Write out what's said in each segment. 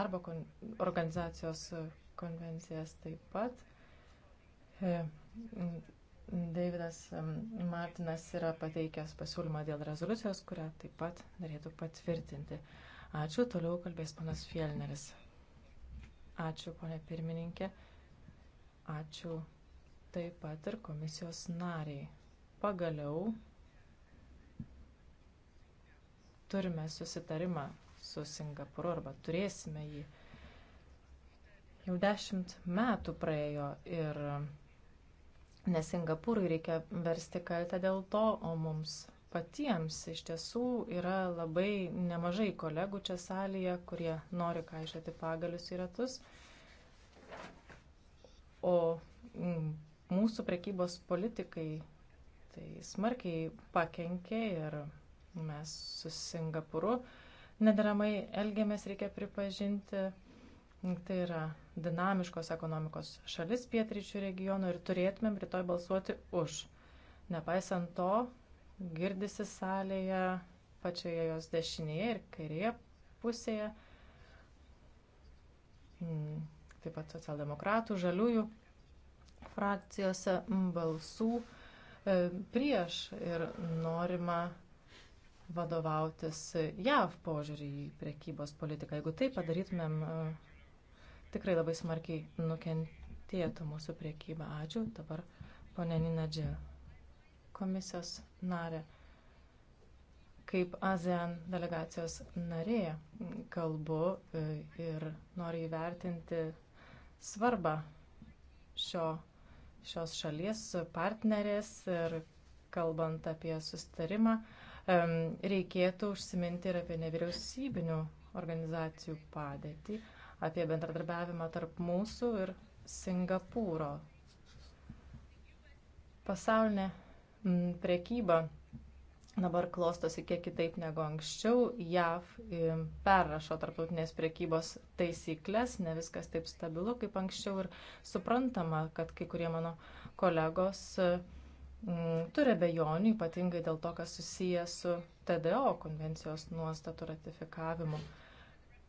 darbo kon organizacijos e, konvencijas taip pat. E, Davidas e, Martinas yra pateikęs pasiūlymą dėl rezoliucijos, kurią taip pat norėtų patvirtinti. Ačiū, toliau kalbės panas Fielneris. Ačiū, ponė pirmininkė. Ačiū taip pat ir komisijos nariai. Pagaliau turime susitarimą su Singapūru arba turėsime jį. Jau dešimt metų praėjo ir ne Singapūrui reikia versti kaltę dėl to, o mums patiems iš tiesų yra labai nemažai kolegų čia salėje, kurie nori kaišėti pagalius į ratus. O mm, mūsų prekybos politikai tai smarkiai pakenkė ir mes su Singapūru uh, nederamai elgiamės, reikia pripažinti, tai yra dinamiškos ekonomikos šalis pietryčių regionų ir turėtumėm rytoj balsuoti už. Nepaisant to, girdisi salėje pačioje jos dešinėje ir kairėje pusėje, mm, taip pat socialdemokratų, žaliųjų frakcijose balsų e, prieš ir norima vadovautis JAV požiūrį į prekybos politiką. Jeigu tai padarytumėm, e, tikrai labai smarkiai nukentėtų mūsų priekyba. Ačiū. Dabar ponė Nina Džil, komisijos narė. Kaip ASEAN delegacijos narė kalbu e, ir noriu įvertinti svarbą šio, šios šalies partnerės ir kalbant apie sustarimą. Uh, reikėtų užsiminti ir apie nevyriausybinių organizacijų padėtį, apie bendradarbiavimą tarp mūsų ir Singapūro. Pasaulinė prekyba dabar klostosi kiek kitaip negu anksčiau. JAV perrašo tarptautinės prekybos taisyklės, ne viskas taip stabilu kaip anksčiau ir suprantama, kad kai kurie mano kolegos uh, Mm, turi bejonių, ypatingai dėl to, kas susiję su TDO konvencijos nuostatų ratifikavimu.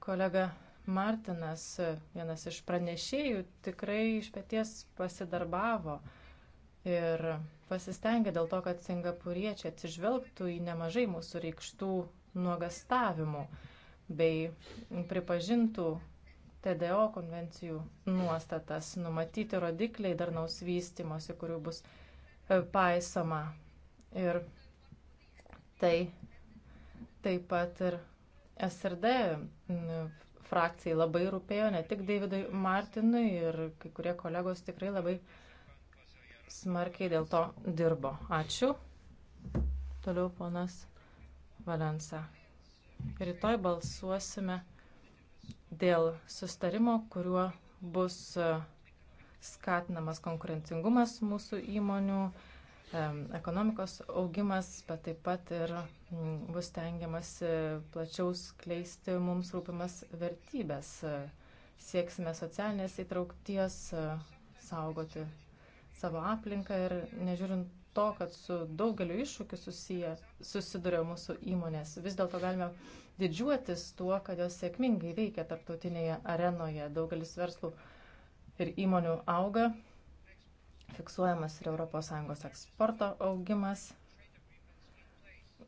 Kolega Martinas, vienas iš pranešėjų, tikrai iš pėties pasidarbavo ir pasistengė dėl to, kad singapuriečiai atsižvelgtų į nemažai mūsų reikštų nuogastavimų bei pripažintų TDO konvencijų nuostatas, numatyti rodikliai darnaus vystimosi, kurių bus E, paisoma. Ir tai taip pat ir SRD mm, frakcijai labai rūpėjo, ne tik Davidui Martinui ir kai kurie kolegos tikrai labai smarkiai dėl to dirbo. Ačiū. Toliau ponas Valensa. Rytoj balsuosime dėl sustarimo, kuriuo bus uh, skatinamas konkurencingumas mūsų įmonių, ekonomikos augimas, bet taip pat ir bus tengiamas plačiau skleisti mums rūpimas vertybės. Sieksime socialinės įtraukties, saugoti savo aplinką ir nežiūrint to, kad su daugeliu iššūkių susiję, susiduria mūsų įmonės, vis dėlto galime didžiuotis tuo, kad jos sėkmingai veikia tarptautinėje arenoje. Daugelis verslų ir įmonių auga, fiksuojamas ir ES eksporto augimas.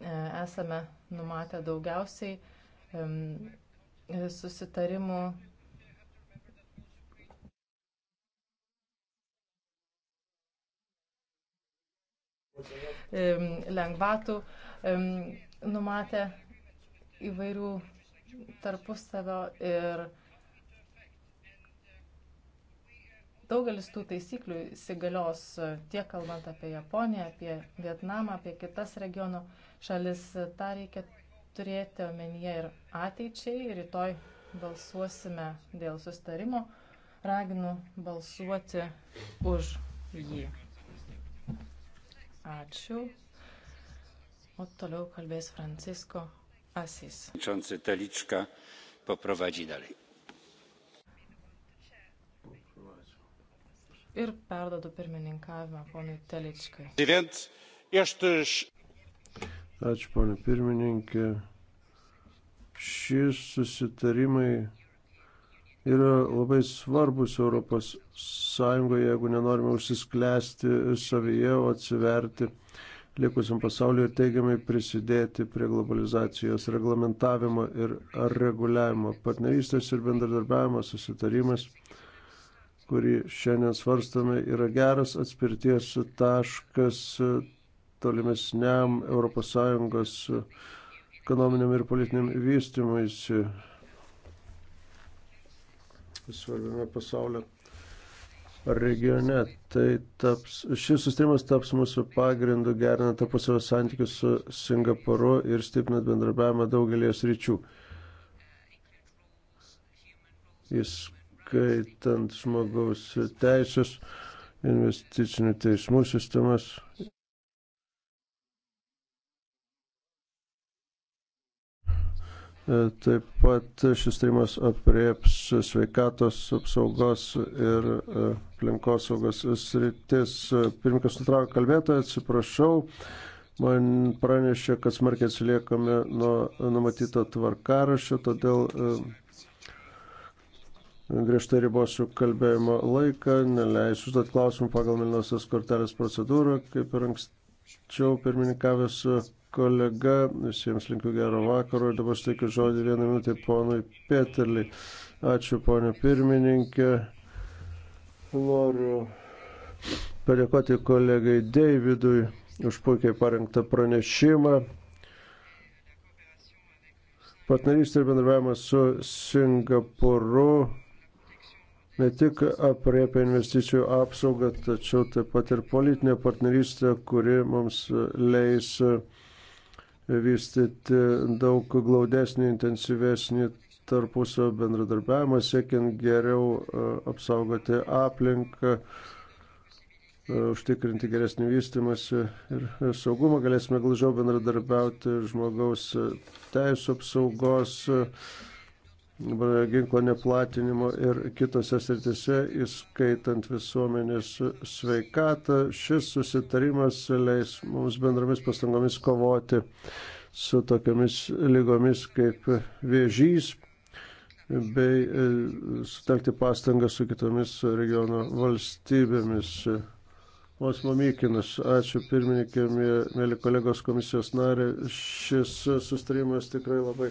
E, esame numatę daugiausiai susitarimų lengvatų numatę įvairių tarpusavio ir Daugelis tų taisyklių įsigalios e, tiek kalbant apie Japoniją, apie Vietnamą, apie kitas regionų šalis. E, Ta reikia turėti omenyje ir ateičiai. Rytoj balsuosime dėl sustarimo. Raginu balsuoti už jį. Ačiū. O toliau kalbės Francisko Asis. Čiansi Telička poprowadzi dalej. ir perdodu pirmininkavimą ponui Teličkai. Ačiū, ponė pirmininkė. Šis susitarimai yra labai svarbus Europos Sąjungoje, jeigu nenorime užsisklęsti savyje, o atsiverti likusiam pasauliu ir teigiamai prisidėti prie globalizacijos reglamentavimo ir reguliavimo. Partnerystės ir bendradarbiavimo susitarimas kurį šiandien svarstame, yra geras atspirties taškas tolimesniam ES ekonominiam ir politiniam vystymuisi svarbiame pasaulio regione. Tai taps, šis sustarimas taps mūsų pagrindu gerinant tarpusavio santykius su Singapuru ir stiprinant bendrabiavimą daugelį sričių. Jis įskaitant žmogaus teisės, investicinių teismų sistemas. E, taip pat šis tyrimas aprieps sveikatos apsaugos ir e, aplinkosaugos sritis. Pirmininkas nutraukė kalbėtoją, atsiprašau. Man pranešė, kad smarkiai atsiliekame nuo numatyto tvarkarašio, todėl e, griežtai ribosiu kalbėjimo laiką, neleisiu užduoti klausimų pagal Milinosios kortelės procedūrą, kaip ir anksčiau pirmininkavęs kolega. Visiems linkiu gero vakaro ir dabar steikiu žodį vieną minutę ponui Peterliui. Ačiū, ponė pirmininkė. Noriu padėkoti kolegai Davidui už puikiai parengtą pranešimą. Partnerystė ir bendravimas su Singapūru ne tik apriepia investicijų apsaugą, tačiau taip pat ir politinę partnerystę, kuri mums leis vystyti daug glaudesnį, intensyvesnį tarpusio bendradarbiavimą, siekiant geriau e, apsaugoti aplinką, e, užtikrinti geresnį vystimąsi ir saugumą. Galėsime glaudžiau bendradarbiauti žmogaus teisų apsaugos ginklo neplatinimo ir kitose sritise, įskaitant visuomenės sveikatą. Šis susitarimas leis mums bendromis pastangomis kovoti su tokiamis lygomis kaip viežys bei e, sutelkti pastangą su kitomis regiono valstybėmis. Pons Mamykinas, ačiū pirmininkė, mėly kolegos komisijos narė. Šis sustarimas tikrai labai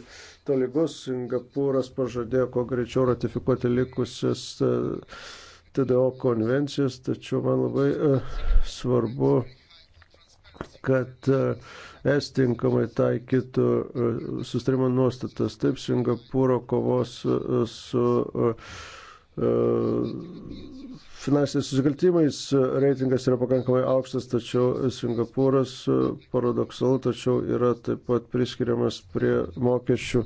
tolygus. Singapūras pažadėjo, kuo greičiau ratifikuoti likusias e, TDO konvencijas, tačiau man labai uh, svarbu, kad uh, es tinkamai taikytų uh, sustarimo nuostatas. Taip, Singapūro kovos uh, su. Uh, E, finansiniais susikaltimais e, reitingas yra pakankamai aukštas, tačiau Singapūras e, paradoksalu, tačiau yra taip pat priskiriamas prie mokesčių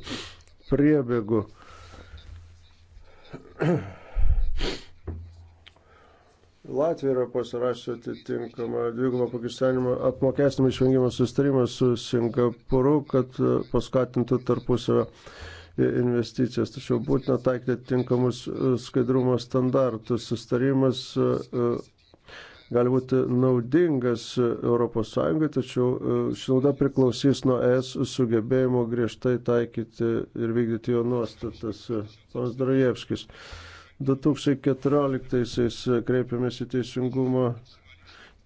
priebėgų. Latvija yra pasirašę atitinkamą dvigubą pakistanimą apmokestinimą išvengimo sustarimą su Singapūru, kad paskatintų tarpusavio investicijas, tačiau būtina taikyti tinkamus e, skaidrumo standartus. Sustarimas e, e, gali būti naudingas ES, tačiau ši nauda priklausys nuo ES sugebėjimo griežtai taikyti ir vykdyti jo nuostatas. Panas Darajevskis. 2014 kreipėmės į Teisingumo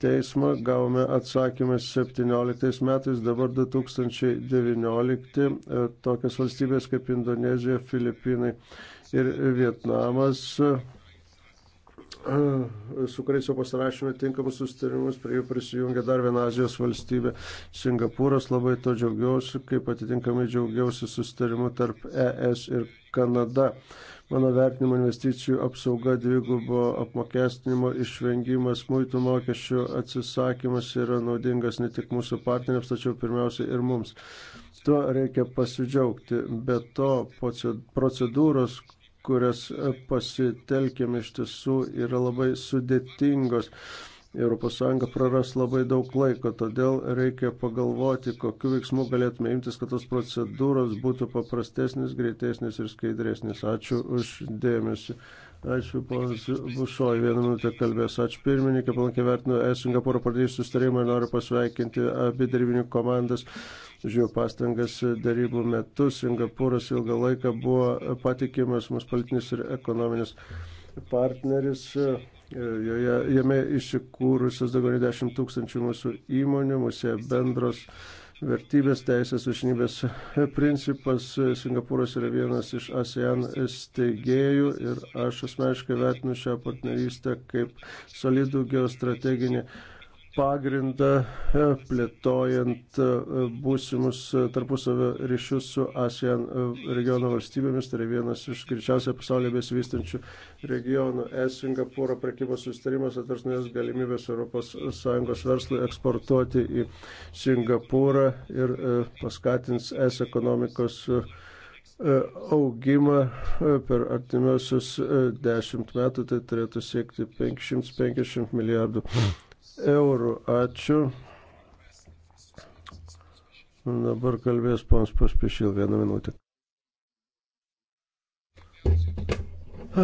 teismą, gavome atsakymą 17 metais, dabar 2019 e, tokias valstybės kaip Indonezija, Filipinai ir Vietnamas e, su kuriais jau pasirašėme tinkamus sustarimus, prie jų prisijungė dar viena Azijos valstybė - Singapūras. Labai to džiaugiausi, kaip atitinkamai džiaugiausi sustarimu tarp ES ir Kanada. Mano vertinimo investicijų apsauga, dvigubo apmokestinimo išvengimas, muitų mokesčių atsisakymas yra naudingas ne tik mūsų partneriams, tačiau pirmiausia ir mums. Tuo reikia pasidžiaugti. Be to, procedūros, kurias pasitelkėme iš tiesų, yra labai sudėtingos ES praras labai daug laiko, todėl reikia pagalvoti, kokiu veiksmu galėtume imtis, kad tos procedūros būtų paprastesnis, greitesnis ir skaidresnis. Ačiū už dėmesį. Ačiū, ponas Bušoj, vieną minutę kalbės. Ačiū pirmininkė, palankiai vertinu es Singapūro pradėjus sustarimą ir noriu pasveikinti abi darybinių komandas. Žiūrėjau pastangas darybų metu. Singapūras ilgą laiką buvo patikimas mūsų politinis ir ekonominis partneris. Joje, jame išsikūrusios daugiau nei 10 tūkstančių mūsų įmonių, mūsų bendros vertybės, teisės, viršinybės principas. Singapūras yra vienas iš ASEAN steigėjų ir aš asmeniškai vertinu šią partnerystę kaip solidų geostrateginį pagrindą e, plėtojant e, būsimus e, tarpusavio ryšius su ASEAN regiono valstybėmis. Tai yra vienas iš greičiausiai pasaulyje besivystančių regionų. Es Singapūro prekybos sustarimas atvers naujas galimybės ES verslui eksportuoti į Singapūrą ir paskatins es ekonomikos augimą per artimiausius dešimt metų, tai turėtų siekti 550 milijardų eurų. Ačiū. Dabar kalbės pons paspešil vieną minutę.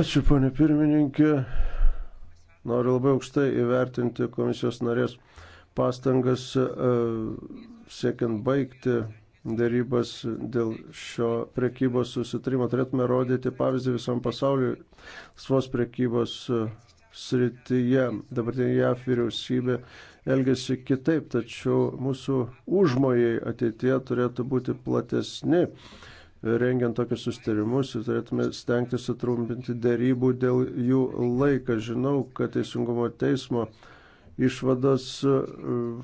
Ačiū, ponė pirmininkė. Noriu labai aukštai įvertinti komisijos narės pastangas e, siekiant baigti dėrybas dėl šio prekybos susitarimo. Turėtume rodyti pavyzdį visam pasauliu. Svos prekybos srityje. Dabartinė JAF vyriausybė elgesi kitaip, tačiau mūsų užmojai ateitie turėtų būti platesni. Rengiant tokius sustarimus ir turėtume stengti sutrumpinti dėrybų dėl jų laiką. Žinau, kad Teisingumo teismo išvados uh,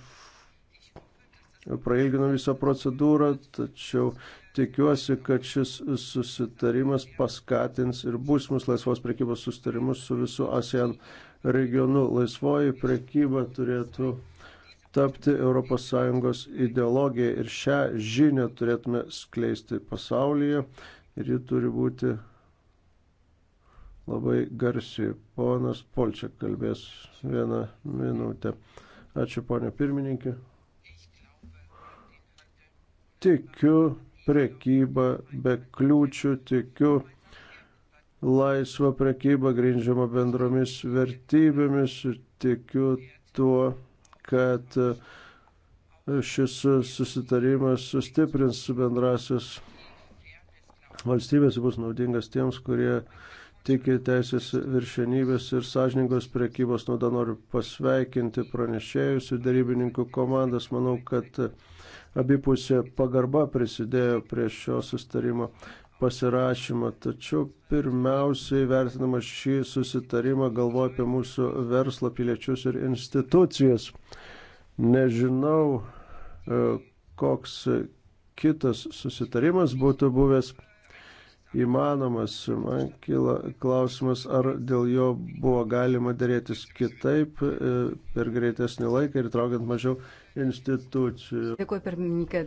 prailgino visą procedūrą, tačiau Tikiuosi, kad šis susitarimas paskatins ir būsimus laisvos prekybos susitarimus su visu ASEAN regionu. Laisvoji prekyba turėtų tapti ES ideologija ir šią žinią turėtume skleisti pasaulyje ir ji turi būti labai garsiai. Ponas Polčiak kalbės vieną minutę. Ačiū, ponė pirmininkė. Tikiu prekybą be kliūčių, tikiu laisvą prekybą grindžiamą bendromis vertybėmis, tikiu tuo, kad šis susitarimas sustiprins bendrasis valstybės bus naudingas tiems, kurie tiki teisės viršenybės ir sąžiningos prekybos nauda. Noriu pasveikinti pranešėjus ir darybininkų komandas. Manau, kad abipusė pagarba prisidėjo prie šio sustarimo pasirašymą. Tačiau pirmiausiai vertinamas šį susitarimą galvoju apie mūsų verslą, piliečius ir institucijas. Nežinau, e, koks kitas susitarimas būtų buvęs įmanomas. Man kyla klausimas, ar dėl jo buvo galima dėrėtis kitaip e, per greitesnį laiką ir traukiant mažiau institucijų. Dėkuoju, pirmininkė,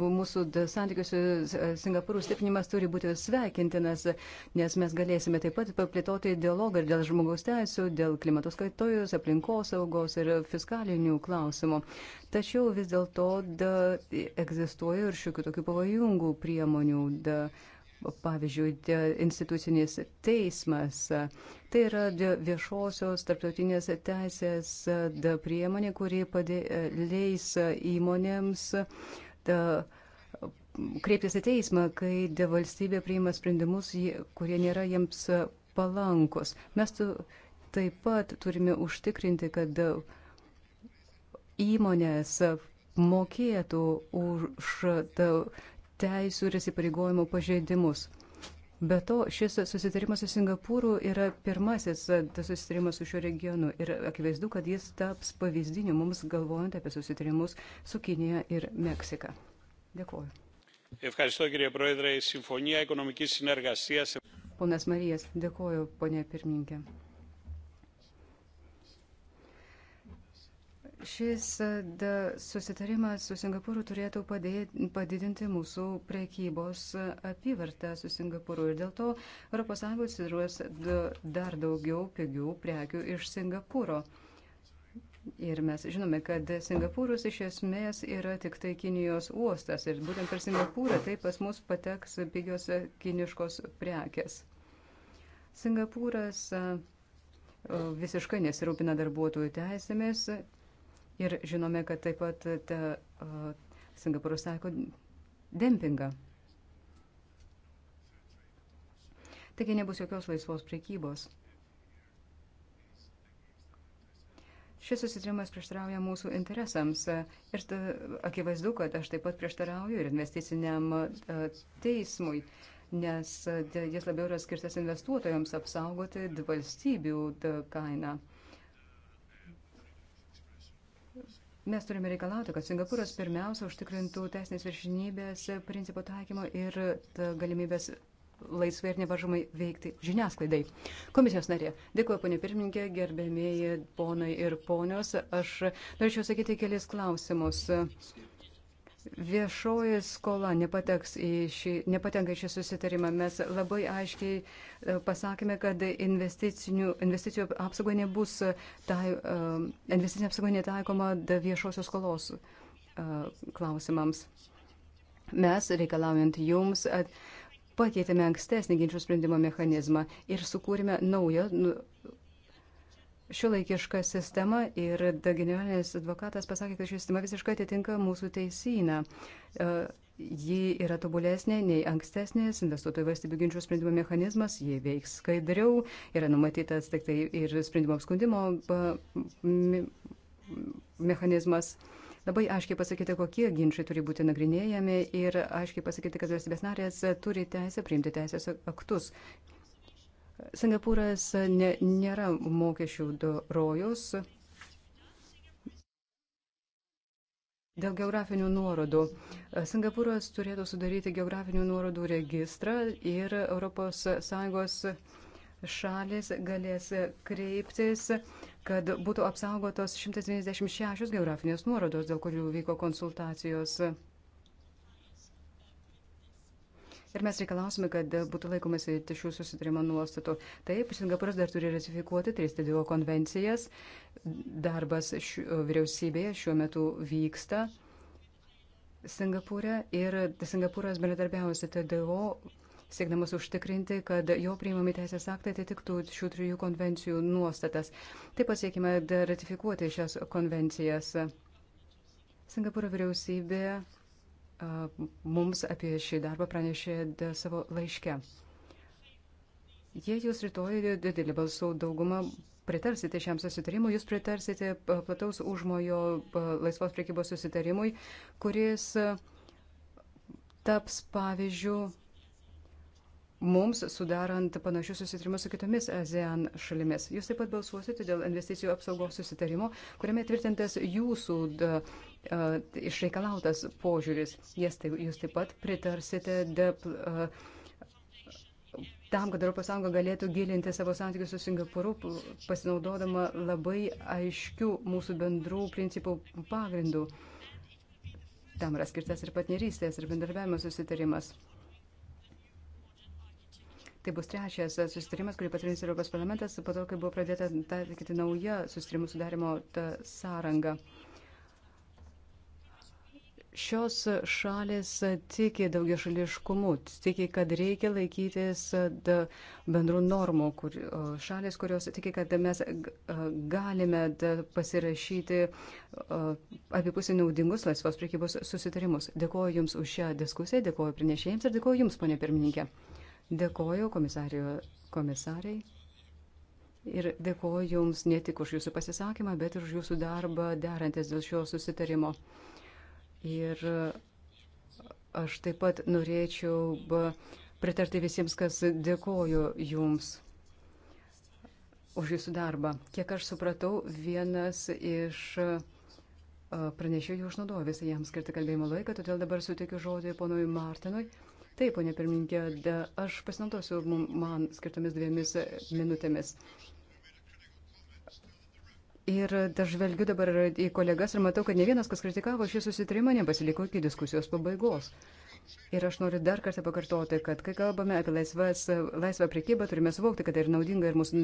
mūsų santykius su Singapūru stiprinimas turi būti sveikintinas, nes mes galėsime taip pat paplėtoti dialogą dėl žmogaus teisų, dėl klimatos kaitojus, aplinkos saugos ir fiskalinių klausimų. Tačiau vis dėlto egzistuoja ir šiokių tokių pavojingų priemonių. Da, pavyzdžiui, institucinis teismas. Tai yra viešosios tarptautinės teisės priemonė, kuri padė, leis įmonėms da, kreiptis į teismą, kai valstybė priima sprendimus, kurie nėra jiems palankus. Mes tu, taip pat turime užtikrinti, kad įmonės mokėtų už ta, teisų ir įsipareigojimų pažeidimus. Be to, šis susitarimas su Singapūru yra pirmasis susitarimas su šiuo regionu ir akivaizdu, kad jis taps pavyzdiniu mums galvojant apie susitarimus su Kinija ir Meksika. Dėkuoju. Ponas Marijas, dėkuoju, ponė pirmininkė. Šis e, susitarimas su Singapūru turėtų padėti, padidinti mūsų prekybos e, apyvartą su Singapūru ir dėl to ES atsiduos dar daugiau pigių prekių iš Singapūro. Ir mes žinome, kad Singapūras iš esmės yra tik tai Kinijos uostas ir būtent per Singapūrą taip pas mus pateks pigios kiniškos prekes. Singapūras e, visiškai nesirūpina darbuotojų teisėmis Ir žinome, kad taip pat e, ta, uh, e, Singapūras taiko dempingą. Taigi nebus jokios laisvos priekybos. Šis susitarimas prieštarauja mūsų interesams e, ir ta, akivaizdu, kad aš taip pat prieštarauju ir investiciniam teismui, nes jis labiau yra skirtas investuotojams apsaugoti valstybių kainą. Mes turime reikalauti, kad Singapūras pirmiausia užtikrintų teisinės viršinybės principų taikymo ir galimybės laisvai ir nevaržomai veikti žiniasklaidai. Komisijos narė, dėkuoju ponė pirmininkė, gerbėmėjai ponai ir ponios. Aš norėčiau sakyti kelis klausimus. Viešoji skola šį, nepatenka šį susitarimą. Mes labai aiškiai e, pasakėme, kad investicijų apsauga nebus, tai, e, investicinė apsauga netaikoma viešosios skolos e, klausimams. Mes, reikalaujant jums, pakeitėme ankstesnį ginčių sprendimo mechanizmą ir sukūrėme naują nu, šiuolaikišką sistemą ir generalinis advokatas pasakė, kad ši sistema visiškai atitinka mūsų teisyną. E, ji yra tobulesnė nei ankstesnės, investuotojų valstybių ginčių sprendimo mechanizmas, ji veiks skaidriau, yra numatytas tik tai ir sprendimo apskundimo mechanizmas labai aiškiai pasakyti, kokie ginčiai turi būti nagrinėjami ir aiškiai pasakyti, kad valstybės narės turi teisę priimti teisės aktus, Singapūras ne, nėra mokesčių rojus dėl geografinių nuorodų. Singapūras turėtų sudaryti geografinių nuorodų registrą ir ES šalis galės kreiptis, kad būtų apsaugotos 196 geografinės nuorodos, dėl kurių vyko konsultacijos. Ir mes reikalausime, kad būtų laikomasi šių susitarimo nuostatų. Taip, Singapūras dar turi ratifikuoti tris TDO konvencijas. Darbas šiu, vyriausybėje šiuo metu vyksta Singapūre ir Singapūras bendradarbiausi TDO siekdamas užtikrinti, kad jo priimami teisės aktai atitiktų šių trijų konvencijų nuostatas. Taip pasiekime ratifikuoti šias konvencijas. Singapūro vyriausybė mums apie šį darbą pranešė savo laiške. Jei jūs rytoj didelį balsų daugumą pritarsite šiam susitarimui, jūs pritarsite plataus užmojo laisvos priekybos susitarimui, kuris taps pavyzdžių mums sudarant panašius susitarimus su kitomis ASEAN šalimis. Jūs taip pat balsuosite dėl investicijų apsaugos susitarimo, kuriame tvirtintas jūsų da, a, išreikalautas požiūris. Yes, tai, jūs taip pat pritarsite de, a, tam, kad ES galėtų gilinti savo santykius su Singapūru, pasinaudodama labai aiškių mūsų bendrų principų pagrindų. Tam yra skirtas ir partnerystės, ir bendarbiavimo susitarimas. Tai bus trečias susitarimas, kurį patvirtins Europos parlamentas po to, kai buvo pradėta taikyti nauja susitarimų sudarimo sąranga. Šios šalis tiki daugia šališkumu, tiki, kad reikia laikytis bendrų normų. Kur, šalis, kurios tiki, kad mes galime pasirašyti abipusį naudingus laisvos priekybos susitarimus. Dėkuoju Jums už šią diskusiją, dėkuoju pranešėjams ir dėkuoju Jums, ponė pirmininkė. Dėkoju komisariai ir dėkoju Jums ne tik už Jūsų pasisakymą, bet ir už Jūsų darbą derantis dėl šio susitarimo. Ir aš taip pat norėčiau pritarti visiems, kas dėkoju Jums už Jūsų darbą. Kiek aš supratau, vienas iš pranešėjų išnaudojo visą jam skirtą kalbėjimo laiką, todėl dabar suteikiu žodį ponui Martinui. Taip, ponė pirmininkė, aš pasinaudosiu man skirtomis dviemis minutėmis. Ir aš žvelgiu dabar į kolegas ir matau, kad ne vienas, kas kritikavo šį susitarimą, nepasiliko iki diskusijos pabaigos. Ir aš noriu dar kartą pakartoti, kad kai kalbame apie laisvas, laisvą priekybą, turime suvokti, kad tai yra naudinga ir mūsų,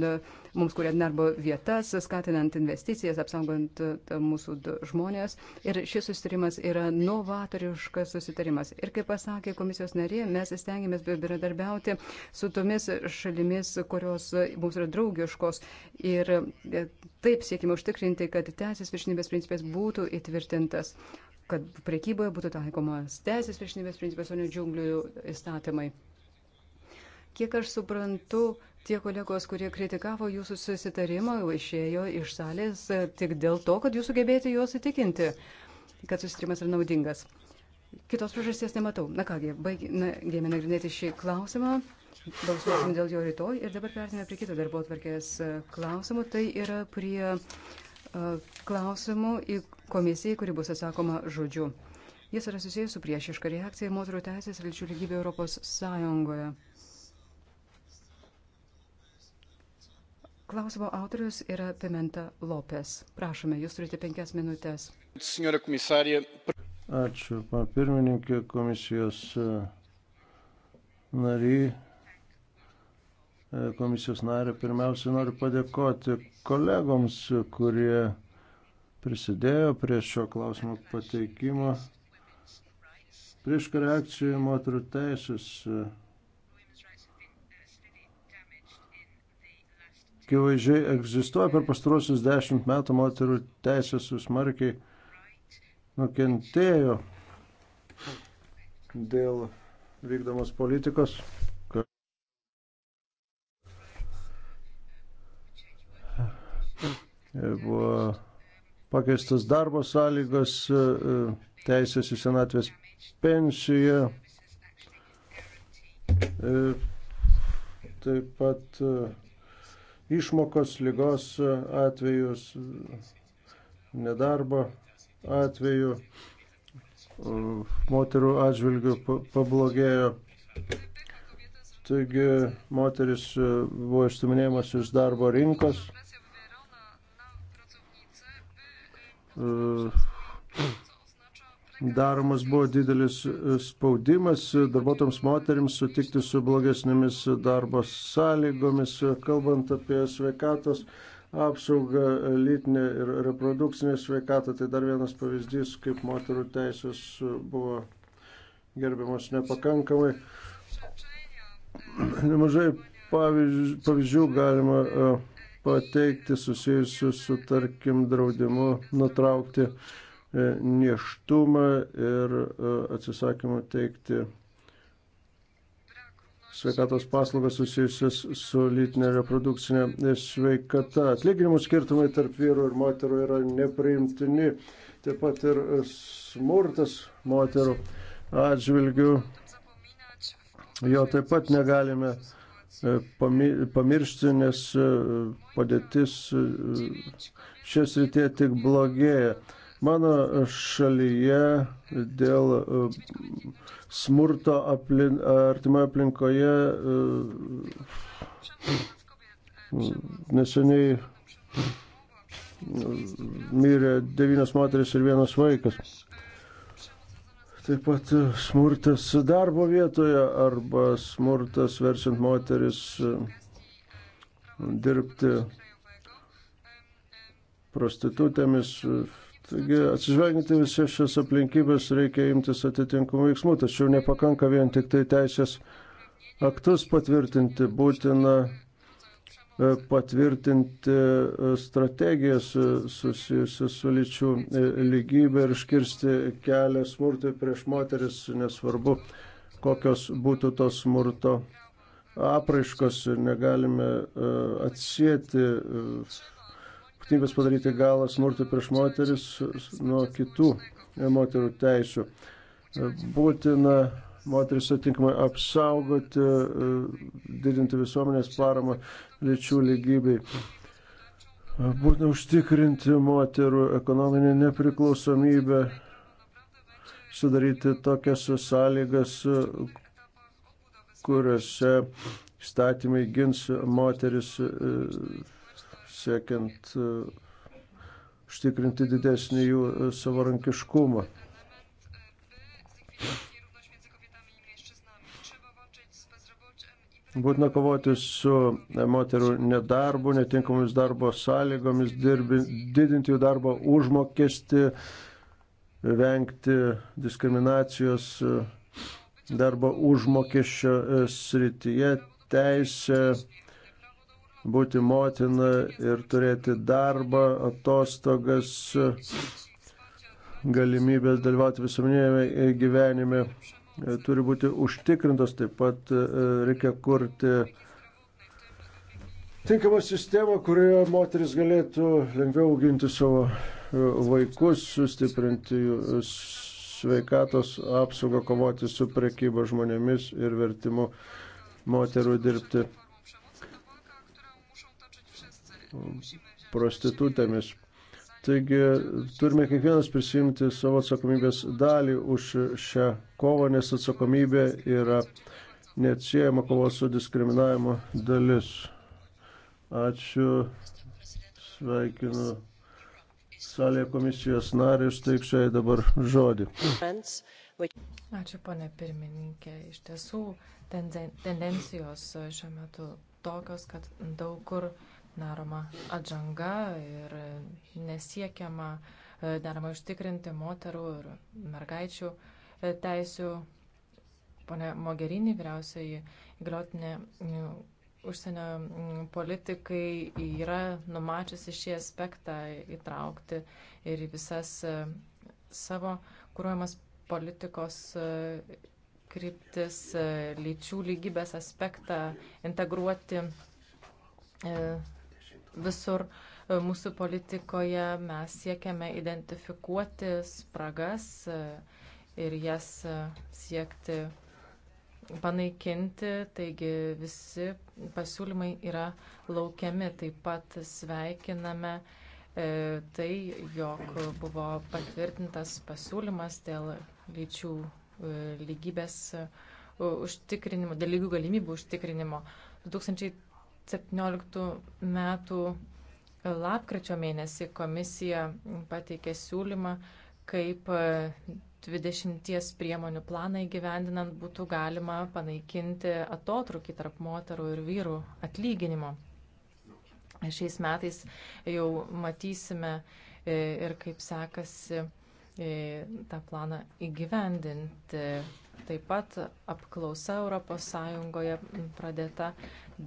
mums kuriant darbo vietas, skatinant investicijas, apsaugant e, mūsų žmonės. Ir šis susitarimas yra novatoriškas susitarimas. Ir kaip pasakė komisijos narė, mes stengiamės bendradarbiauti su tomis šalimis, kurios mums yra draugiškos. Ir e, taip siekime užtikrinti, kad teisės viršinybės principės būtų įtvirtintas kad priekyboje būtų taikomas teisės viršinybės principas, o ne džiunglių įstatymai. Kiek aš suprantu, tie kolegos, kurie kritikavo jūsų susitarimą, išėjo iš salės tik dėl to, kad jūs sugebėjote juos įtikinti, kad susitarimas yra naudingas. Kitos priežasties nematau. Na kągi, baigėme nagrinėti šį klausimą. Balsuosime dėl jo rytoj ir dabar perėsime prie kito darbo atvarkės e, klausimų. Tai yra prie E, klausimų į komisiją, kuri bus atsakoma žodžiu. Jis yra susijęs su priešiška reakcija į moterų teisės ir lyčių lygybę Europos Sąjungoje. Klausimo autorius yra Pimenta Lopes. Prašome, jūs turite penkias minutės. Ačiū, pirmininkė, komisijos e, nariai, E, komisijos narė, pirmiausia noriu padėkoti kolegoms, kurie prisidėjo prie šio klausimo pateikimo. Prieš reakcijų į moterų teisės. E, Kivaizdžiai egzistuoja per pastarosius dešimt metų moterų teisės smarkiai nukentėjo dėl vykdomos politikos. E, buvo pakeistas darbo sąlygos, e, e, teisės į senatvės pensiją. Taip pat išmokos lygos atvejus, nedarbo atveju, moterų atžvilgių pablogėjo. Taigi moteris buvo išstuminėjimas iš darbo rinkos. E, daromas buvo didelis e, spaudimas e, darbuotojams moteriams sutikti su blogesnėmis darbo sąlygomis, kalbant apie sveikatos apsaugą, lytinę ir reprodukcinę sveikatą. Tai dar vienas pavyzdys, kaip moterų teisės buvo gerbiamas nepakankamai. Nemažai pavyzdžių, pavyzdžių galima uh, pateikti susijusius su, tarkim, draudimu nutraukti e, neštumą ir e, atsisakymą teikti sveikatos paslaugas susijusias su lytinė reprodukcinė sveikata. Atlyginimų skirtumai tarp vyrų ir moterų yra nepriimtini. Taip pat ir smurtas moterų atžvilgių. Jo taip pat negalime uh, E, pamiršti, nes e, padėtis e, šią srityje tik blogėja. Mano šalyje dėl smurto aplin, artimoje aplinkoje neseniai mirė devynios moteris ir vienas vaikas. Taip pat smurtas darbo vietoje arba smurtas versiant moteris e, dirbti prostitutėmis. Taigi, atsižvelgiant į visas šias aplinkybės, reikia imtis atitinkamų veiksmų, tačiau nepakanka vien tik tai teisės aktus patvirtinti, būtina E, patvirtinti e, strategijas e, susijusias su lyčių lygybė ir iškirsti kelią smurtui prieš moteris, nesvarbu, kokios būtų to smurto apraiškos, negalime atsijėti būtinybės padaryti galą smurtui prieš moteris nuo kitų moterų teisų. Būtina moteris atitinkamai apsaugoti, e, didinti visuomenės paramą lyčių lygybei. Būtina užtikrinti moterų ekonominę nepriklausomybę, sudaryti tokias sąlygas, kuriuose statymai gins moteris e, siekiant e, užtikrinti didesnį jų savarankiškumą. Būtina kovoti su moterų nedarbu, netinkamomis darbo sąlygomis, dirbi, didinti jų darbo užmokesti, vengti diskriminacijos e, darbo užmokesčio e, srityje, teisę būti motina ir turėti darbą, atostogas, e, galimybės dalyvauti visuomenėme gyvenime E, turi būti užtikrintos, taip pat e, reikia kurti tinkamą sistemą, kurioje moteris galėtų lengviau auginti savo e, vaikus, sustiprinti jų sveikatos apsaugą, kovoti su prekyba žmonėmis ir vertimu moterų dirbti prostitutėmis. Taigi turime kiekvienas prisimti savo atsakomybės dalį už šią kovą, nes atsakomybė yra neatsiejama kovos su diskriminavimo dalis. Ačiū, sveikinu salėje komisijos narį, išteiksiu jai dabar žodį. Ačiū, ponė pirmininkė. Iš tiesų, tendencijos šiuo metu tokios, kad daug kur uh, daroma atžanga ir nesiekiama e, daroma užtikrinti moterų ir mergaičių e, teisių. Pone Mogerinį, vyriausiai įgaliotinė e, užsienio politikai yra numačiusi šį aspektą įtraukti ir visas savo kūruojamas politikos kryptis, lyčių lygybės aspektą integruoti visur e, mūsų politikoje mes siekiame identifikuoti spragas e, ir jas e, siekti panaikinti, taigi visi pasiūlymai yra laukiami. Taip pat sveikiname tai, jog buvo patvirtintas pasiūlymas dėl lyčių lygybės užtikrinimo, dėl lygių galimybių užtikrinimo. 2000 17 metų lapkričio mėnesį komisija pateikė siūlymą, kaip 20 e, priemonių planą įgyvendinant būtų galima panaikinti atotrukį tarp moterų ir vyrų atlyginimo. Šiais metais jau matysime e, ir kaip sekasi e, tą planą įgyvendinti. Taip pat apklausa ES pradėta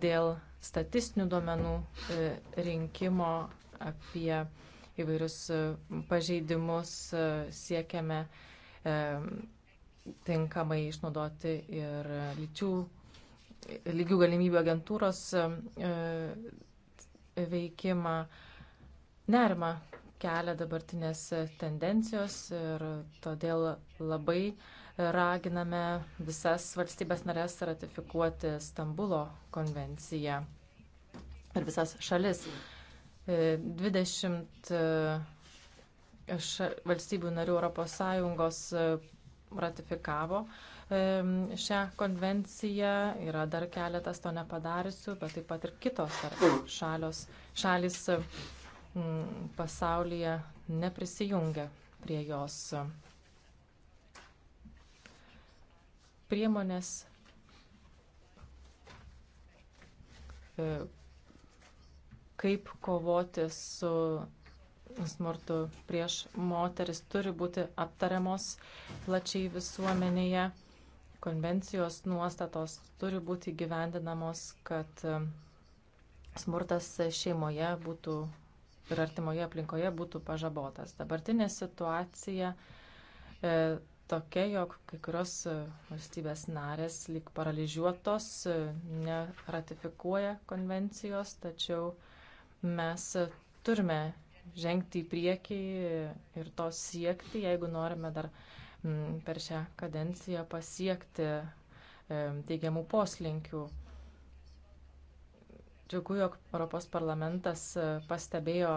dėl statistinių duomenų e, rinkimo apie įvairius e, pažeidimus e, siekiame tinkamai išnaudoti ir lyčių, lygių galimybių agentūros veikimą. Nerima kelia dabartinės tendencijos ir todėl labai uh, raginame visas valstybės narės ratifikuoti Stambulo konvenciją ir visas šalis. 20 e, e, valstybių narių ES e, ratifikavo šią konvenciją, yra dar keletas to nepadariusių, bet taip pat ir kitos šalios, šalis pasaulyje neprisijungia prie jos priemonės, e, kaip kovoti su smurtu prieš moteris, turi būti aptariamos plačiai visuomenėje. Konvencijos nuostatos turi būti gyvendinamos, kad e, smurtas šeimoje būtų ir artimoje aplinkoje būtų pažabotas. Dabartinė situacija e, tokia, jog kai kurios e, valstybės narės lyg paralyžiuotos, e, neratifikuoja konvencijos, tačiau mes e, turime žengti į priekį ir to siekti, jeigu norime dar per šią kadenciją pasiekti teigiamų poslinkių. Džiugu, jog Europos parlamentas pastebėjo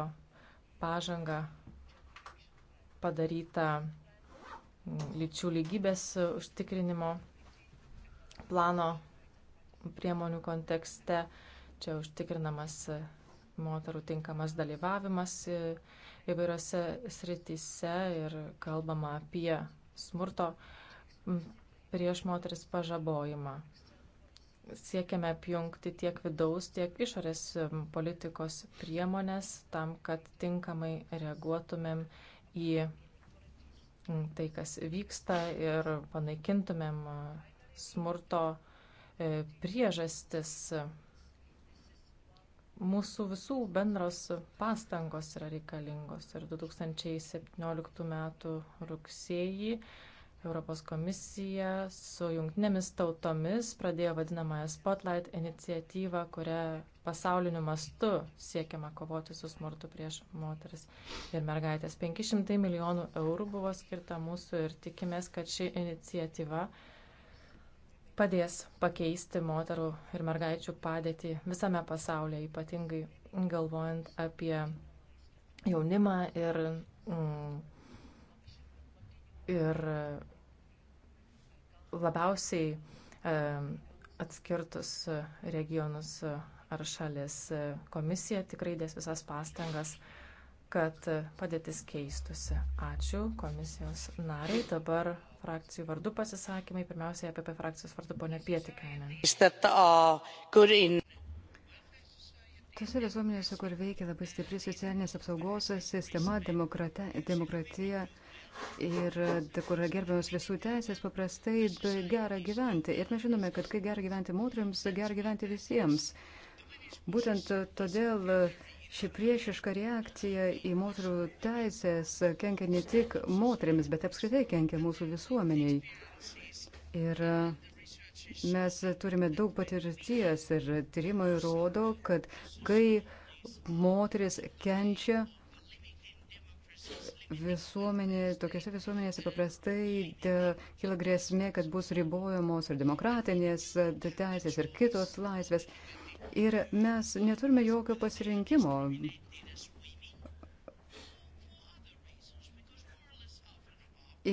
pažangą padarytą lyčių lygybės užtikrinimo plano priemonių kontekste. Čia užtikrinamas moterų tinkamas dalyvavimas įvairiose srityse ir kalbama apie smurto prieš moteris pažabojimą. Siekiame apjungti tiek vidaus, tiek išorės politikos priemonės tam, kad tinkamai reaguotumėm į Mm, tai, kas vyksta ir panaikintumėm e, smurto e, priežastis. Mūsų visų bendros pastangos yra reikalingos ir 2017 m. rugsėjį Europos komisija su jungtinėmis tautomis pradėjo vadinamąją Spotlight iniciatyvą, kuria pasauliniu mastu siekiama kovoti su smurtu prieš moteris ir mergaitės. 500 milijonų eurų buvo skirta mūsų ir tikimės, kad ši iniciatyva padės pakeisti moterų ir mergaičių padėtį visame pasaulyje, ypatingai galvojant apie jaunimą ir, mm, ir labiausiai atskirtus regionus ar šalis. Komisija tikrai dės visas pastangas, kad padėtis keistusi. Ačiū komisijos nariai. Dabar frakcijų vardu pasisakymai. Pirmiausiai apie, apie frakcijos vardu ponė Pietikainė. Tose visuomenėse, kur veikia labai stipri socialinės apsaugos sistema, demokratė, demokratija ir kur yra gerbiamas visų teisės, paprastai gera gyventi. Ir mes žinome, kad kai gera gyventi moteriams, gera gyventi visiems. Uh, Būtent todėl ši priešiška reakcija į moterų teisės kenkia ne tik moteriams, bet apskritai kenkia mūsų visuomeniai. Ir mes turime daug patirties ir tyrimai rodo, kad kai moteris kenčia, visuomenė, tokiuose visuomenėse paprastai de, kyla grėsmė, kad bus ribojamos ir demokratinės teisės, ir kitos laisvės. Ir mes neturime jokio pasirinkimo.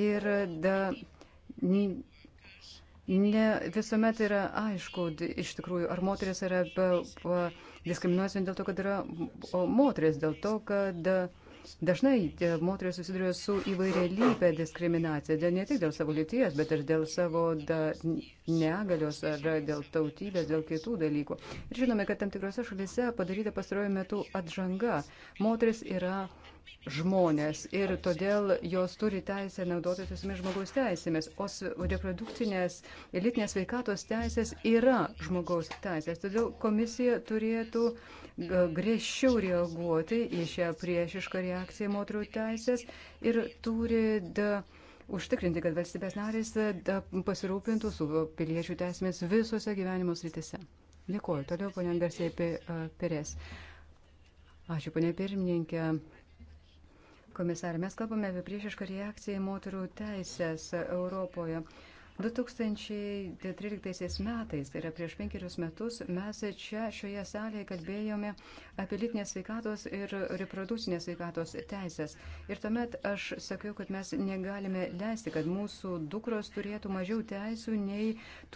Ir da, ne visuomet yra aišku, iš tikrųjų, ar moteris yra diskriminuojasi dėl to, kad yra moteris, dėl to, kad. A, Dažnai e, moteris susiduria su įvairialybė diskriminacija, dėl, ne tik dėl savo lyties, bet ir dėl savo da, negalios ar dėl tautybės, dėl kitų dalykų. Ir žinome, kad tam tikrose šalise padaryta pastaruoju metu atžanga. Moteris yra žmonės ir todėl jos turi teisę naudotis visomis žmogaus teisėmis, o reprodukcinės ir litinės veikatos teisės yra žmogaus teisės. Todėl komisija turėtų e, griežčiau reaguoti į šią priešišką reakciją moterų teisės ir turi da, užtikrinti, kad valstybės narės e, da, pasirūpintų su piliečių teisėmis visose gyvenimo sritise. Dėkuoju. Toliau, ponia Garsiai Pires. E, Ačiū, ponia pirmininkė komisarė, mes kalbame apie priešišką reakciją į moterų teisės Europoje. 2013 metais, tai yra prieš penkerius metus, mes čia šioje salėje kalbėjome apie lytinės sveikatos ir reprodukcinės sveikatos teisės. Ir tuomet aš sakiau, kad mes negalime leisti, kad mūsų dukros turėtų mažiau teisų, nei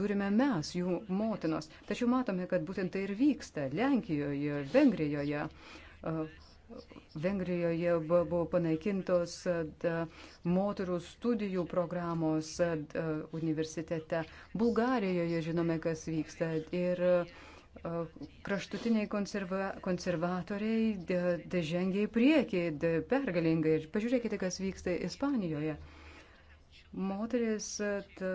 turime mes, jų motinos. Tačiau matome, kad būtent tai ir vyksta Lenkijoje, Vengrijoje. Vengrijoje buvo panaikintos moterų studijų programos universitete. Bulgarijoje žinome, kas vyksta. Ir kraštutiniai konserva, konservatoriai dežengia į priekį pergalingai. Pažiūrėkite, kas vyksta Ispanijoje. Moteris. Da,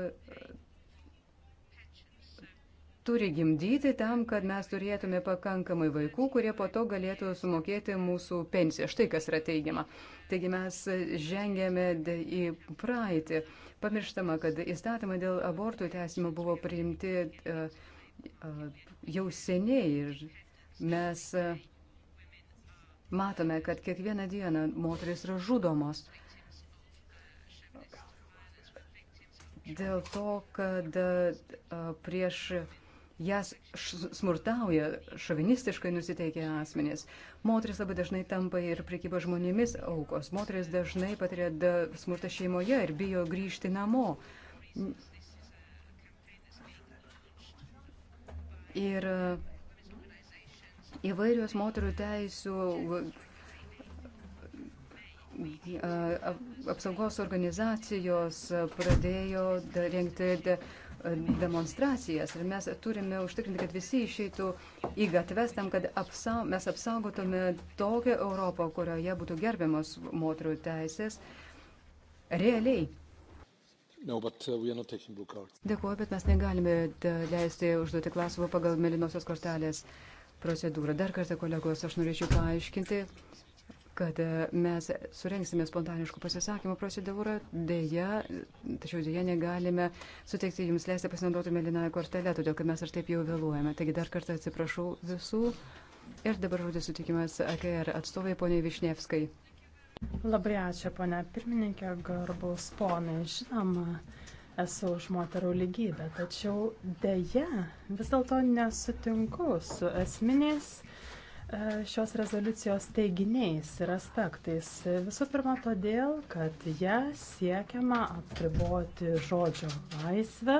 turi gimdyti tam, kad mes turėtume pakankamai vaikų, kurie po to galėtų sumokėti mūsų pensiją. Štai kas yra teigiama. Taigi mes žengėme į praeitį. Pamirštama, kad įstatymai dėl abortų teisimo buvo priimti e, e, jau seniai ir mes e, matome, kad kiekvieną dieną moteris yra žudomos. dėl to, kad prieš jas smurtauja šovinistiškai nusiteikę asmenys. Moteris labai dažnai tampa ir priekyba žmonėmis aukos. Moteris dažnai patiria smurtą šeimoje ir bijo grįžti namo. Ir įvairios moterų teisų apsaugos organizacijos pradėjo rengti demonstracijas ir mes turime užtikrinti, kad visi išeitų į gatves tam, kad apsau, mes apsaugotume tokią Europą, kurioje būtų gerbiamos moterų teisės realiai. No, but, uh, Dėkuoju, bet mes negalime leisti užduoti klausimą pagal melinosios kortelės procedūrą. Dar kartą, kolegos, aš norėčiau paaiškinti, kad e, mes surenksime spontaniškų pasisakymų procedūrą, dėja, tačiau dėja negalime suteikti jums leisti pasinaudoti melinąją kortelę, todėl kad mes ir taip jau vėluojame. Taigi dar kartą atsiprašau visų ir dabar žodis sutikimas AKR atstovai poniai Višnevskai. Labai ačiū, ponia pirmininkė, garbaus ponai. Žinoma, esu už moterų lygybę, tačiau dėja vis dėlto nesutinku su esminiais E, šios rezoliucijos teiginiais ir aspektais. Visų pirma, todėl, kad ją siekiama apriboti žodžio laisvę,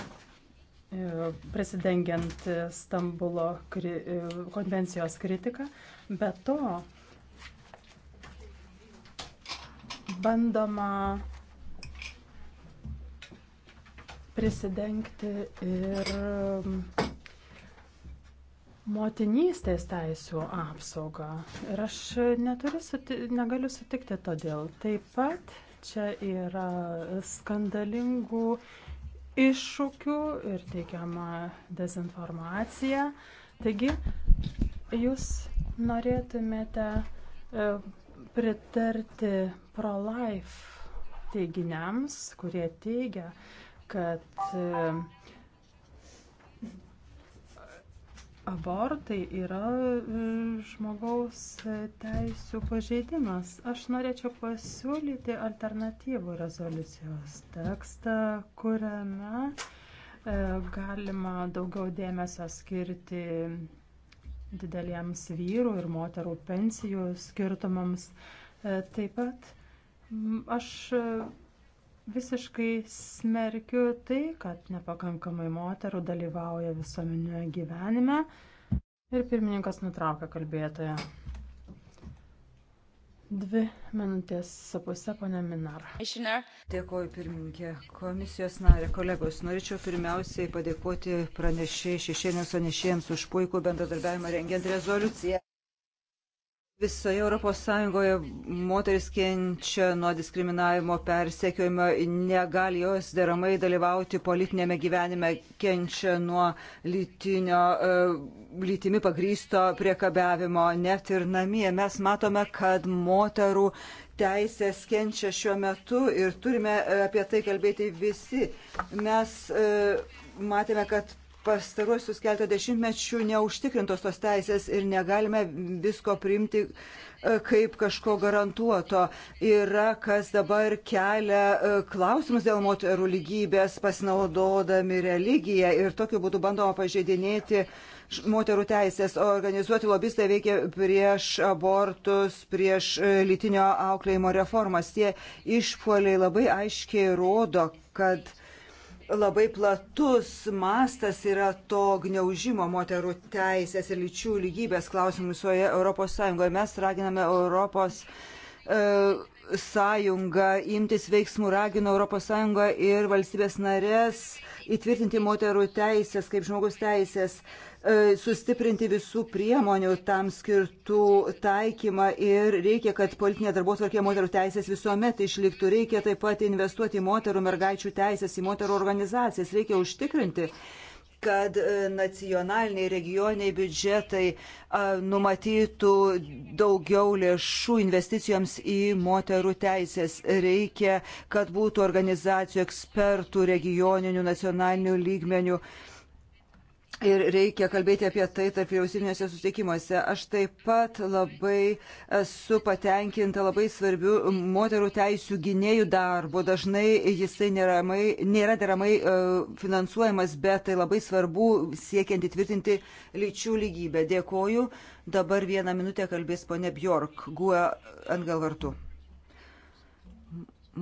e, prisidengiant Stambulo kri e, konvencijos kritiką. Be to, bandoma prisidengti ir motinystės teisų apsaugą. Ir aš neturiu, suti negaliu sutikti todėl. Taip pat čia yra skandalingų iššūkių ir teikiama dezinformacija. Taigi, jūs norėtumėte e, pritarti pro-life teiginiams, kurie teigia, kad e, abortai yra e, žmogaus teisų pažeidimas. Aš norėčiau pasiūlyti alternatyvų rezoliucijos tekstą, kuriame e, galima daugiau dėmesio skirti dideliems vyrų ir moterų pensijų skirtumams. E, taip pat aš Visiškai smerkiu tai, kad nepakankamai moterų dalyvauja visuomenio gyvenime ir pirmininkas nutraukia kalbėtoją. Dvi minutės su pusė, ponė Minara. Dėkoju, pirmininkė. Komisijos narė, kolegos, norėčiau pirmiausiai padėkoti pranešėjai šešėnės pranešėjams už puikų bendradarbiavimą rengiant rezoliuciją. Visoje ES moteris kenčia nuo diskriminavimo, persekiojimo, negali jos deramai dalyvauti politinėme gyvenime, kenčia nuo lytinio, e, lytimi pagrysto priekabiavimo, net ir namie. Mes matome, kad moterų teisės kenčia šiuo metu ir turime e, apie tai kalbėti visi. Mes e, matėme, kad pastaruosius keletą dešimtmečių neužtikrintos tos teisės ir negalime visko priimti e, kaip kažko garantuoto. Yra, kas dabar kelia e, klausimus dėl moterų lygybės pasinaudodami religiją ir tokiu būdu bandoma pažeidinėti moterų teisės, organizuoti lobistai veikia prieš abortus, prieš e, lytinio auklėjimo reformas. Tie išpuoliai labai aiškiai rodo, kad uh, labai platus mastas yra to gneužimo moterų teisės ir lyčių lygybės klausimų visoje Europos Sąjungoje. Mes raginame Europos e, Sąjungą imtis veiksmų, ragino Europos Sąjungą ir valstybės narės įtvirtinti moterų teisės kaip žmogus teisės. E, E, sustiprinti visų priemonių tam skirtų taikymą ir reikia, kad politinė darbotvarkė moterų teisės visuomet išliktų. Reikia taip pat investuoti į moterų mergaičių teisės, į moterų organizacijas. Reikia užtikrinti kad e, nacionaliniai regioniai biudžetai e, numatytų daugiau lėšų investicijoms į moterų teisės. Reikia, kad būtų organizacijų ekspertų regioninių, nacionalinių lygmenių. Uh, Ir reikia kalbėti apie tai tarp vyriausybinėse susitikimuose. Aš taip pat labai esu patenkinta labai svarbių moterų teisų gynėjų darbo. Dažnai jisai neramai, nėra deramai e, finansuojamas, bet tai labai svarbu siekiant įtvirtinti lyčių lygybę. Dėkoju. Dabar vieną minutę kalbės ponė Bjork, guo ant galvartų.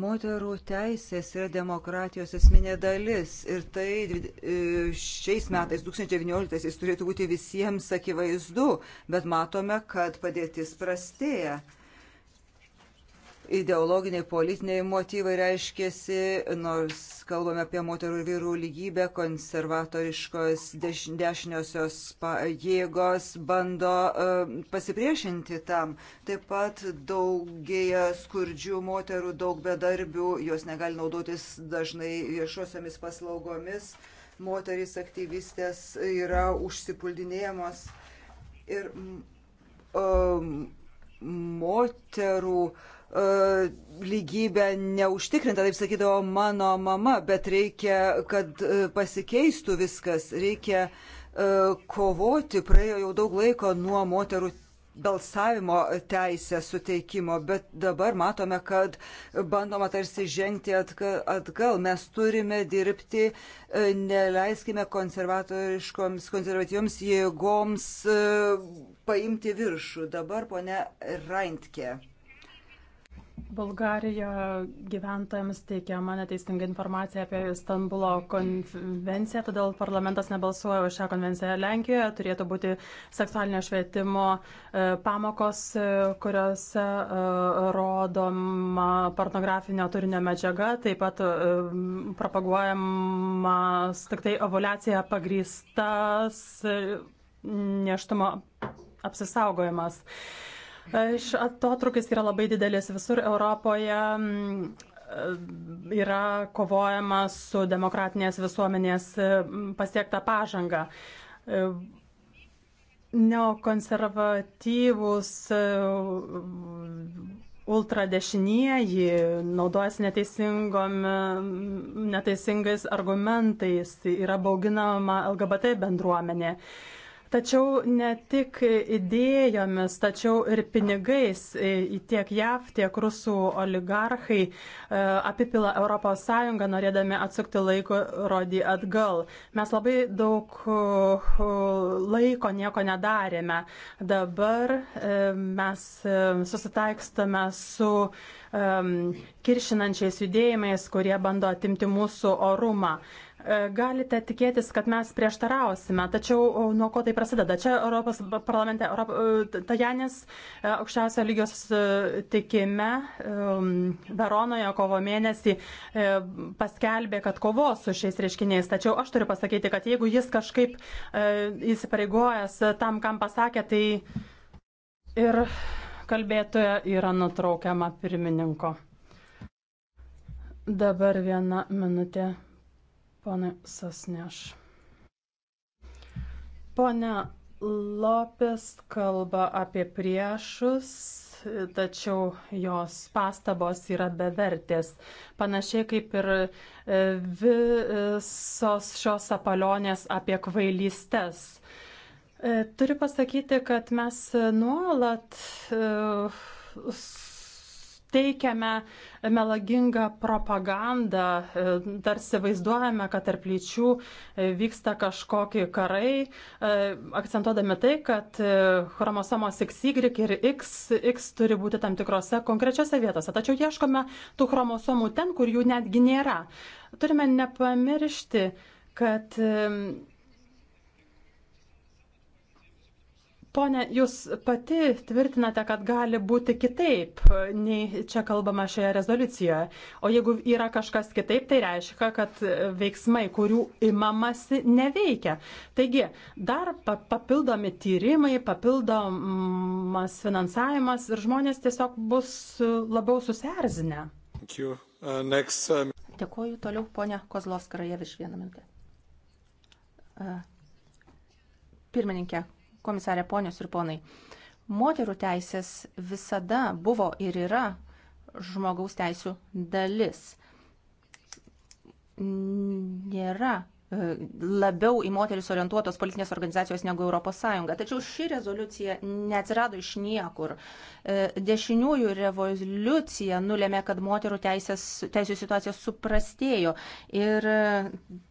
Moterų teisės yra demokratijos esminė dalis ir tai e, šiais metais, 2019-aisiais, turėtų būti visiems akivaizdu, bet matome, kad padėtis prastėja ideologiniai, politiniai motyvai reiškėsi, nors kalbame apie moterų ir vyrų lygybę, konservatoriškos deš, dešiniosios jėgos bando uh, pasipriešinti tam. Taip pat daugėja skurdžių moterų, daug bedarbių, jos negali naudotis dažnai viešosiomis paslaugomis, moterys aktyvistės yra užsipuldinėjamos. Ir um, moterų uh, E, lygybė neužtikrinta, taip sakydavo mano mama, bet reikia, kad e, pasikeistų viskas, reikia e, kovoti, praėjo jau daug laiko nuo moterų balsavimo teisę suteikimo, bet dabar matome, kad bandoma tarsi žengti atgal. Mes turime dirbti, neleiskime konservatoriškoms, konservatyvioms jėgoms paimti viršų. Dabar ponia Raintke. Bulgarija gyventojams teikiama neteisinga informacija apie Stambulo konvenciją, todėl parlamentas nebalsuoja už šią konvenciją. Lenkijoje turėtų būti seksualinio švietimo e, pamokos, e, kuriuose e, rodoma pornografinio turinio medžiaga, taip pat propaguojamas tik tai ovulacija pagrįstas neštumo apsisaugojimas. Atotrukis yra labai didelis visur Europoje. Mm, e, yra kovojama su demokratinės visuomenės e, pasiektą pažangą. E, neokonservatyvus ultradešinieji naudojasi neteisingais argumentais, yra bauginama LGBT bendruomenė. Tačiau ne tik idėjomis, tačiau ir pinigais e, tiek JAV, tiek rusų oligarchai e, apipila ES, norėdami atsukti laiko rodį atgal. Mes labai daug e, laiko nieko nedarėme. Dabar mes susitaikstame su kiršinančiais judėjimais, kurie bando atimti mūsų orumą. E, galite tikėtis, kad mes prieštarausime, tačiau e, nuo ko tai prasideda? Čia Europos parlamente, Europo, e, Tajanis aukščiausio lygios tikime Veronoje kovo mėnesį paskelbė, kad kovos su šiais reiškiniais, tačiau aš turiu pasakyti, kad jeigu jis kažkaip įsipareigojęs tam, kam pasakė, tai ir kalbėtoja yra nutraukiama pirmininko. Dabar viena minutė. Pone Sasneš. Pone Lopes kalba apie priešus, tačiau jos pastabos yra bevertės. Panašiai kaip ir e, visos šios apalionės apie kvailystes. E, turiu pasakyti, kad mes nuolat e, teikiame melagingą propagandą, e, tarsi vaizduojame, kad tarp lyčių e, vyksta kažkokie karai, e, akcentuodami tai, kad chromosomos XY ir X, X turi būti tam tikrose konkrečiose vietose. Tačiau ieškome tų chromosomų ten, kur jų netgi nėra. Turime nepamiršti, kad Pone, jūs pati tvirtinate, kad gali būti kitaip, nei čia kalbama šioje rezoliucijoje. O jeigu yra kažkas kitaip, tai reiškia, kad veiksmai, kurių imamasi, neveikia. Taigi, dar papildomi tyrimai, papildomas finansavimas ir žmonės tiesiog bus labiau susierzinę. Uh, next, um... Dėkuoju toliau, ponia Kozlovskarajeviš, vieną minutę. Uh, pirmininkė, komisarė ponios ir ponai, moterų teisės visada buvo ir yra žmogaus teisų dalis. Nėra e, labiau į moteris orientuotos politinės organizacijos negu ES. Tačiau ši rezoliucija neatsirado iš niekur. E, dešiniųjų revoliucija nulėmė, kad moterų teisės, teisų situacija suprastėjo ir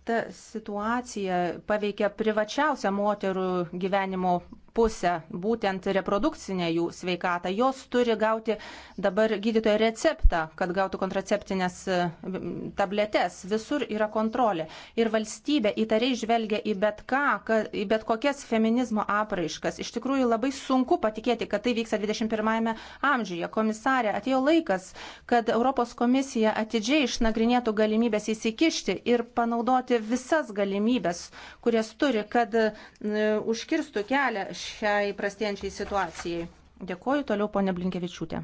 ta situacija paveikia privačiausią moterų gyvenimo pusę, būtent reprodukcinę jų sveikatą. Jos turi gauti dabar gydytojo receptą, kad gautų kontraceptinės e, tabletes. Visur yra kontrolė. Ir valstybė įtariai žvelgia į bet ką, kad, į bet kokias feminizmo apraiškas. Iš tikrųjų labai sunku patikėti, kad tai vyksta 21-ame amžiuje. Komisarė, atėjo laikas, kad Europos komisija atidžiai išnagrinėtų galimybės įsikišti ir panaudoti panaudoti visas galimybės, kurias turi, kad e, užkirstų kelią šiai prastėjančiai situacijai. Dėkuoju toliau, ponė Blinkevičiūtė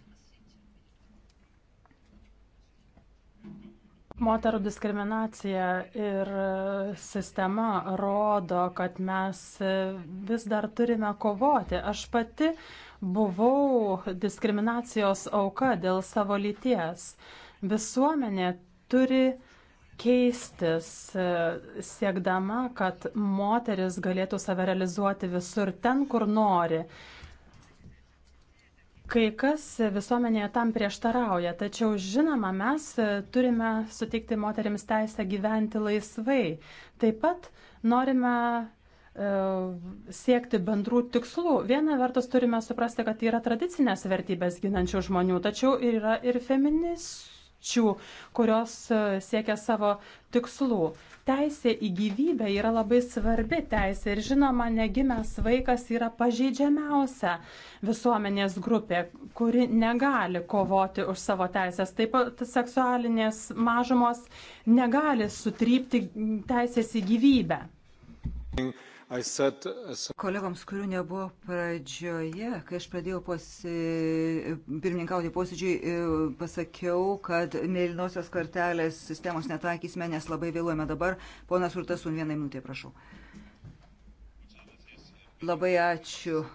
Moterų diskriminacija ir sistema rodo, kad mes vis dar turime kovoti. Aš pati buvau diskriminacijos auka dėl savo lyties. Visuomenė turi keistis, e, siekdama, kad moteris galėtų save realizuoti visur ten, kur nori. Kai kas visuomenėje tam prieštarauja, tačiau žinoma, mes turime suteikti moteriams teisę gyventi laisvai. Taip pat norime e, siekti bendrų tikslų. Viena vertus turime suprasti, kad yra tradicinės vertybės ginančių žmonių, tačiau yra ir feministų krypčių, kurios e, siekia savo tikslų. Teisė į gyvybę yra labai svarbi teisė ir žinoma, negimęs vaikas yra pažeidžiamiausia visuomenės grupė, kuri negali kovoti už savo teisės. Taip pat seksualinės mažumos negali sutrypti teisės į gyvybę. Said... Uh, Kolegoms, kurių nebuvo pradžioje, kai aš pradėjau posi... pirmininkauti posėdžiui, e, pasakiau, kad mėlynosios kortelės sistemos netaikysime, nes labai vėluojame dabar. Ponas Urtasun, vieną minutę, prašau. Labai ačiū,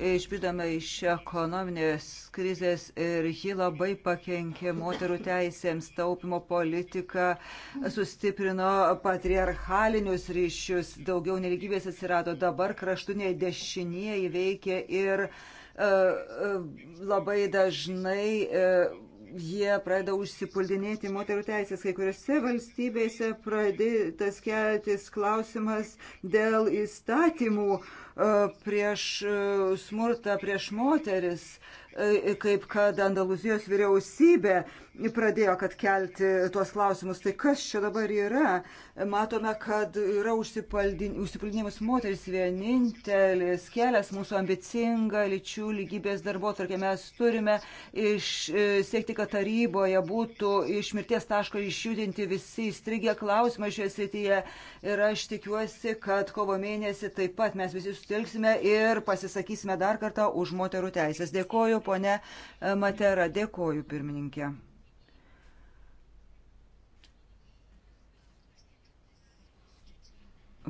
Išbridome iš ekonominės krizės ir ji labai pakenkė moterų teisėms, taupimo politiką, sustiprino patriarchalinius ryšius, daugiau neligybės atsirado, dabar kraštutiniai dešinieji veikia ir uh, labai dažnai uh, jie pradeda užsipuldinėti moterų teisės. Kai kuriuose valstybėse pradėtas keltis klausimas dėl įstatymų e, prieš e, smurtą prieš moteris, e, kaip kad Andaluzijos vyriausybė pradėjo, kad kelti tuos klausimus. Tai kas čia dabar yra? Matome, kad yra užsipaldinimas moteris vienintelis kelias mūsų ambicinga lyčių lygybės darbo tvarkė. Mes turime e, siekti, kad taryboje būtų iš mirties taško išjudinti visi įstrigę klausimai šioje srityje. Ir aš tikiuosi, kad kovo mėnesį taip pat mes visi sutilksime ir pasisakysime dar kartą už moterų teisės. Dėkoju, ponė Matera, dėkoju, pirmininkė.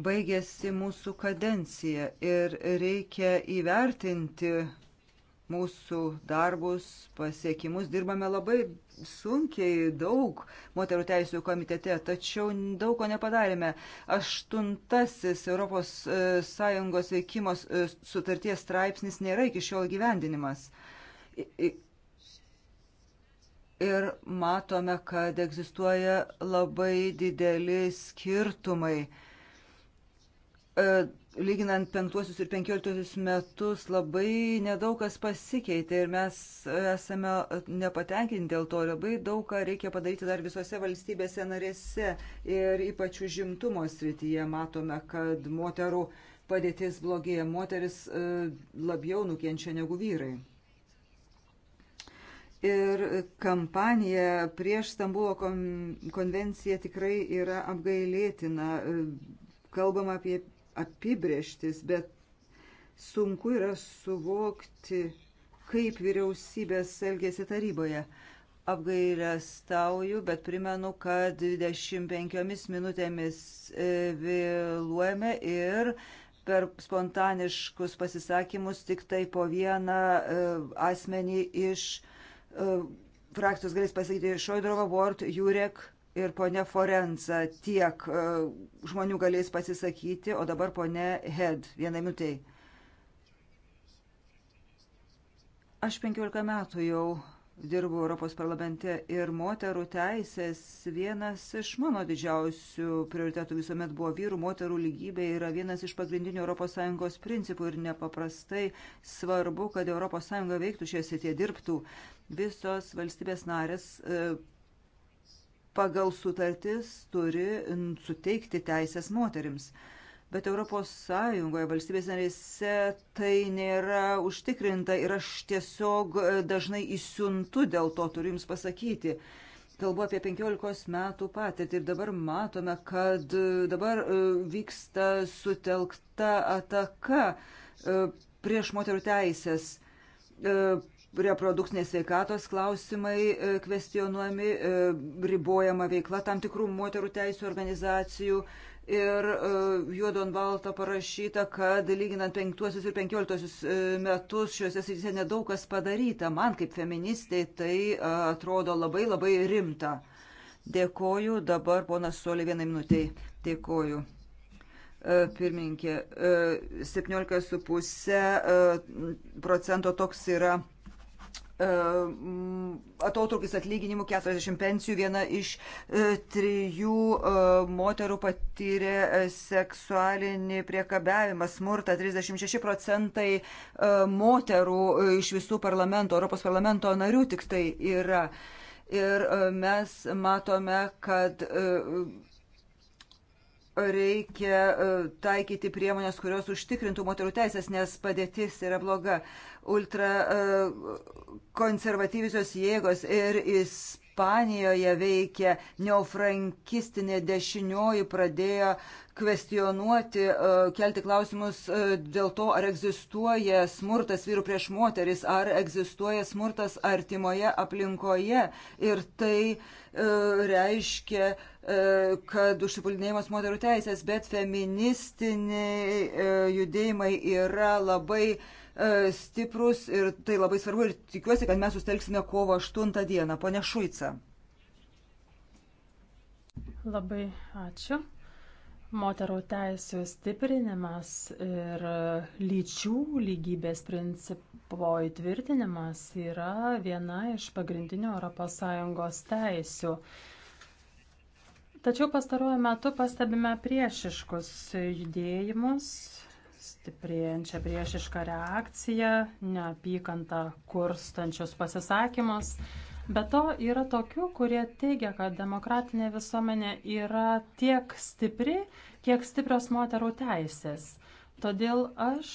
baigėsi mūsų kadencija ir reikia įvertinti mūsų darbus, pasiekimus. Dirbame labai sunkiai, daug moterų teisų komitete, tačiau daug ko nepadarėme. Aštuntasis ES e, veikimo e, sutarties straipsnis nėra iki šiol gyvendinimas. Ir matome, kad egzistuoja labai dideli skirtumai E, lyginant penktuosius ir penkioliktuosius metus labai nedaug kas pasikeitė ir mes esame nepatenkinti dėl to. Labai daug ką reikia padaryti dar visose valstybėse narėse ir ypač užimtumo srityje matome, kad moterų padėtis blogėja, moteris e, labiau nukenčia negu vyrai. Ir kampanija prieš Stambulo konvenciją tikrai yra apgailėtina e, kalbam apie apibrieštis, bet sunku yra suvokti, kaip vyriausybės elgėsi taryboje. Apgailestauju, bet primenu, kad 25 minutėmis e, vėluojame ir per spontaniškus pasisakymus tik tai po vieną e, asmenį iš e, frakcijos galės pasakyti Šoidrova, Ward, Jurek, ir ponia Forenza tiek e, žmonių galės pasisakyti, o dabar ponia Head, vienai minutėjai. Aš 15 metų jau dirbu Europos parlamente ir moterų teisės vienas iš mano didžiausių prioritetų visuomet buvo vyrų, moterų lygybė yra vienas iš pagrindinių ES principų ir nepaprastai svarbu, kad ES veiktų šioje srityje, dirbtų. Visos valstybės narės e, pagal sutartis turi suteikti teisės moterims. Bet ES valstybės narėse tai nėra užtikrinta ir aš tiesiog e, dažnai įsiuntu dėl to turiu Jums pasakyti kalbu apie 15 metų patirtį ir dabar matome, kad e, dabar e, vyksta sutelkta ataka prieš moterų teisės reprodukcinės sveikatos klausimai e, kvestionuojami, e, ribojama veikla tam tikrų moterų teisų organizacijų. Ir e, juodo ant balto parašyta, kad lyginant penktuosius ir penkioliktuosius metus šiuose srityse nedaug kas padaryta. Man kaip feministai tai atrodo labai labai rimta. Dėkoju dabar ponas Solė vienai minutiai. Dėkoju pirmininkė, 17,5 procento toks yra E, atotrukis atlyginimų 40 pensijų, viena iš e, trijų e, moterų patyrė seksualinį priekabiavimą, smurtą, 36 procentai moterų iš visų parlamento, Europos parlamento narių tik tai yra. Ir mes matome, kad reikia taikyti priemonės, kurios užtikrintų moterų teisės, nes padėtis yra bloga. Ultra konservatyviosios jėgos ir Ispanijoje veikia neofrankistinė dešinioji pradėjo kvestionuoti, e, kelti klausimus e, dėl to, ar egzistuoja smurtas vyrų prieš moteris, ar egzistuoja smurtas artimoje aplinkoje. Ir tai e, reiškia, kad užsipulinėjimas moterų teisės, bet feministiniai judėjimai yra labai uh, E, stiprus ir tai labai svarbu ir tikiuosi, kad mes sustelksime kovo 8 dieną. Pone Šuica. Labai ačiū. Moterų teisų stiprinimas ir lyčių lygybės principo įtvirtinimas yra viena iš pagrindinių ES teisių. Tačiau pastaruoju metu pastebime priešiškus judėjimus stiprėjančią priešišką reakciją, neapykantą kurstančius pasisakymus. Be to yra tokių, kurie teigia, kad demokratinė visuomenė yra tiek stipri, kiek stiprios moterų teisės. Todėl aš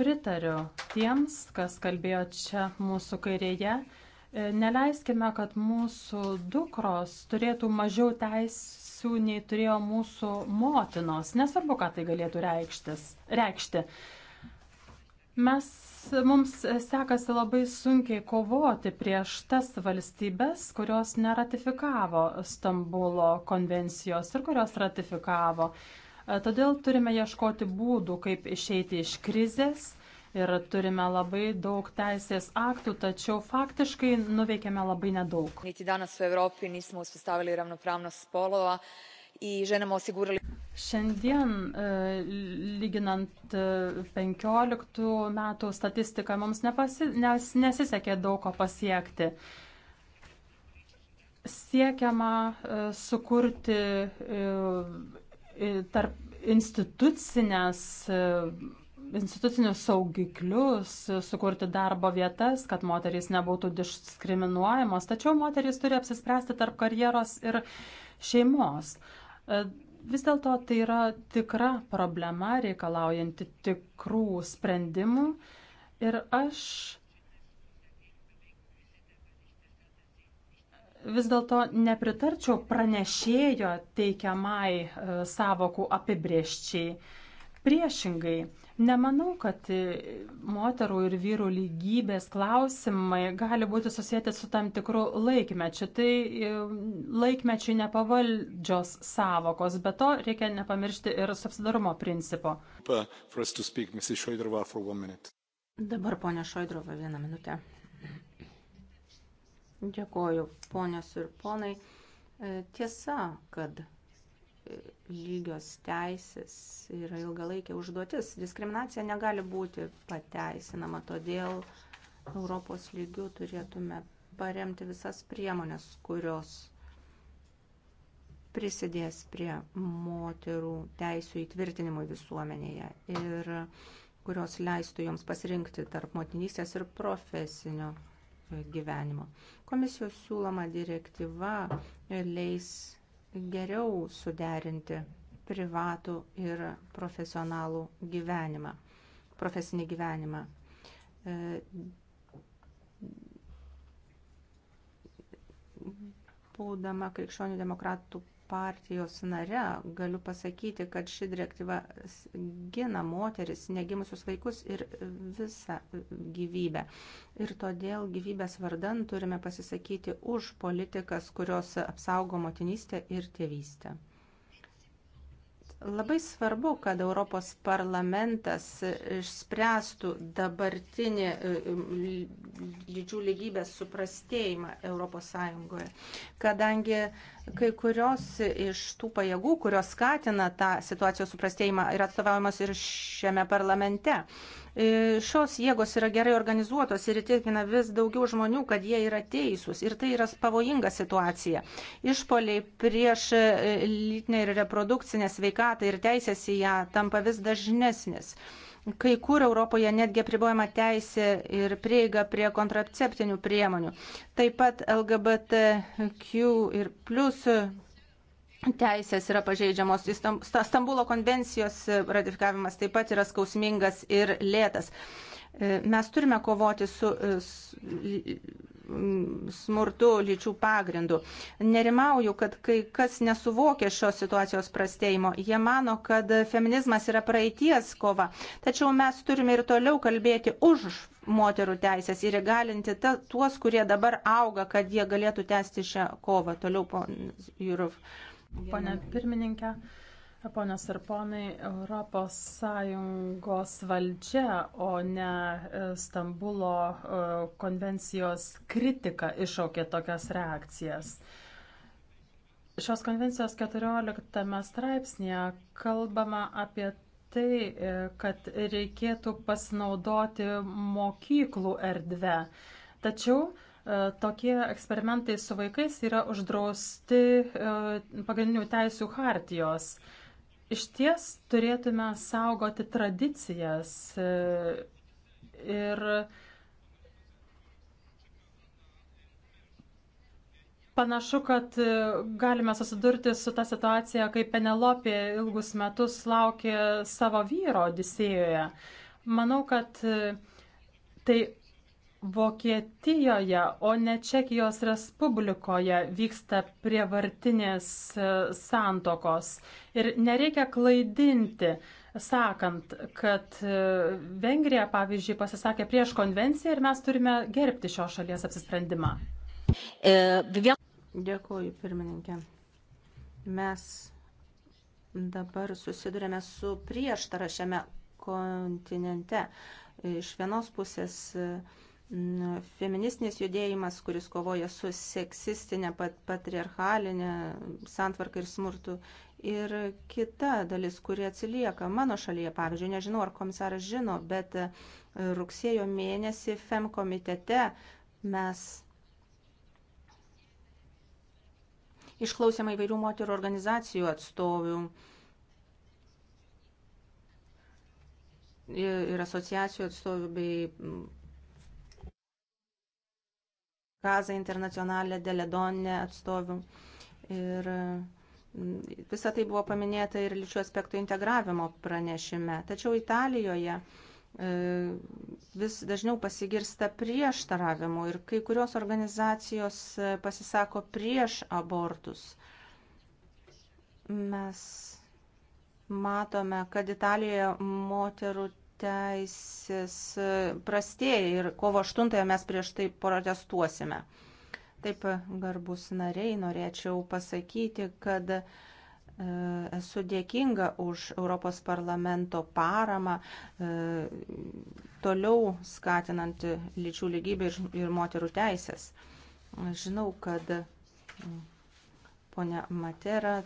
pritariu tiems, kas kalbėjo čia mūsų kairėje. E, neleiskime, kad mūsų dukros turėtų mažiau teisų teisių nei turėjo mūsų motinos. Nesvarbu, ką tai galėtų reikštis, reikšti. Mes, mums sekasi labai sunkiai kovoti prieš tas valstybės, kurios neratifikavo Stambulo konvencijos ir kurios ratifikavo. Todėl turime ieškoti būdų, kaip išeiti iš krizės ir turime labai daug teisės aktų, tačiau faktiškai nuveikėme labai nedaug. Šiandien, e, lyginant 15 e, metų statistiką, mums nepasi, nes, nesisekė daug ko pasiekti. Siekiama e, sukurti tarp institucinės institucinius saugiklius, sukurti darbo vietas, kad moterys nebūtų diskriminuojamos, tačiau moterys turi apsispręsti tarp karjeros ir šeimos. E, vis dėlto tai yra tikra problema, reikalaujanti tikrų sprendimų ir aš vis dėlto nepritarčiau pranešėjo teikiamai e, savokų apibrieščiai. Priešingai, Nemanau, kad e, moterų ir vyrų lygybės klausimai gali būti susijęti su tam tikru laikmečiu. Tai e, laikmečiai nepavaldžios savokos, bet to reikia nepamiršti ir subsidarumo principo. Speak, Dabar ponia Šoidrova vieną minutę. Dėkoju, ponios ir ponai. E, tiesa, kad lygios teisės yra ilgalaikė užduotis. Diskriminacija negali būti pateisinama, todėl Europos lygių turėtume paremti visas priemonės, kurios prisidės prie moterų teisų įtvirtinimui visuomenėje ir kurios leistų joms pasirinkti tarp motinystės ir profesinio gyvenimo. Komisijos siūloma direktyva leis geriau suderinti privatų ir profesionalų gyvenimą, profesinį gyvenimą. E, būdama krikščionių demokratų partijos nare galiu pasakyti, kad ši direktyva gina moteris, negimusius vaikus ir visą gyvybę. Ir todėl gyvybės vardan turime pasisakyti už politikas, kurios apsaugo motinystę ir tėvystę. Labai svarbu, kad Europos parlamentas išspręstų dabartinį e, e, lyčių lygybės suprastėjimą ES, kadangi kai kurios iš tų pajėgų, kurios skatina tą situacijos suprastėjimą, yra atstovaujamos ir šiame parlamente. E, šios jėgos yra gerai organizuotos ir įtikina vis daugiau žmonių, kad jie yra teisūs. Ir tai yra pavojinga situacija. Išpoliai prieš e, lytinę ir reprodukcinę sveikatą ir teisės į ją tampa vis dažnesnis. Kai kur Europoje netgi pribojama teisė ir prieiga prie kontraceptinių priemonių. Taip pat LGBTQ ir plus teisės yra pažeidžiamos. Stambulo konvencijos ratifikavimas taip pat yra skausmingas ir lėtas. E, mes turime kovoti su e, smurtu lyčių pagrindu. Nerimauju, kad kai kas nesuvokia šios situacijos prastėjimo. Jie mano, kad feminizmas yra praeities kova. Tačiau mes turime ir toliau kalbėti už moterų teisės ir įgalinti ta, tuos, kurie dabar auga, kad jie galėtų tęsti šią kovą. Toliau, pon Jūrov. Uh, Pane pirmininkė, ponios ir ponai, Europos Sąjungos valdžia, o ne e, Stambulo e, konvencijos kritika iššaukė tokias reakcijas. Šios konvencijos 14 straipsnėje kalbama apie tai, e, kad reikėtų pasinaudoti mokyklų erdvę. Tačiau E, tokie eksperimentai su vaikais yra uždrausti e, pagrindinių teisių hartijos. Iš ties turėtume saugoti tradicijas e, ir Panašu, kad galime susidurti su ta situacija, kai Penelopė ilgus metus laukė savo vyro Odisėjoje. Manau, kad tai Vokietijoje, o ne Čekijos Respublikoje vyksta prievartinės e, santokos. Ir nereikia klaidinti, sakant, kad e, Vengrija, pavyzdžiui, pasisakė prieš konvenciją ir mes turime gerbti šios šalies apsisprendimą. E, Dėkuoju, pirmininkė. Mes dabar susidurėme su prieštara šiame kontinente. Iš vienos pusės uh, feministinis judėjimas, kuris kovoja su seksistinė, patriarchalinė santvarka ir smurtu. Ir kita dalis, kuri atsilieka mano šalyje, pavyzdžiui, nežinau, ar komisaras žino, bet e, rugsėjo mėnesį FEM komitete mes išklausėme įvairių moterų organizacijų atstovių. Ir asociacijų atstovų bei Kaza internacionalė, Deledonė atstovių. Ir mm, visa tai buvo paminėta ir lyčių aspektų integravimo pranešime. Tačiau Italijoje e, vis dažniau pasigirsta prieštaravimų ir kai kurios organizacijos e, pasisako prieš abortus. Mes matome, kad Italijoje moterų teisės prastėja ir kovo 8 mes prieš tai protestuosime. Taip, garbus nariai, norėčiau pasakyti, kad e, esu dėkinga už Europos parlamento paramą, e, toliau skatinant lyčių lygybę ir moterų teisės. Žinau, kad ponia Matera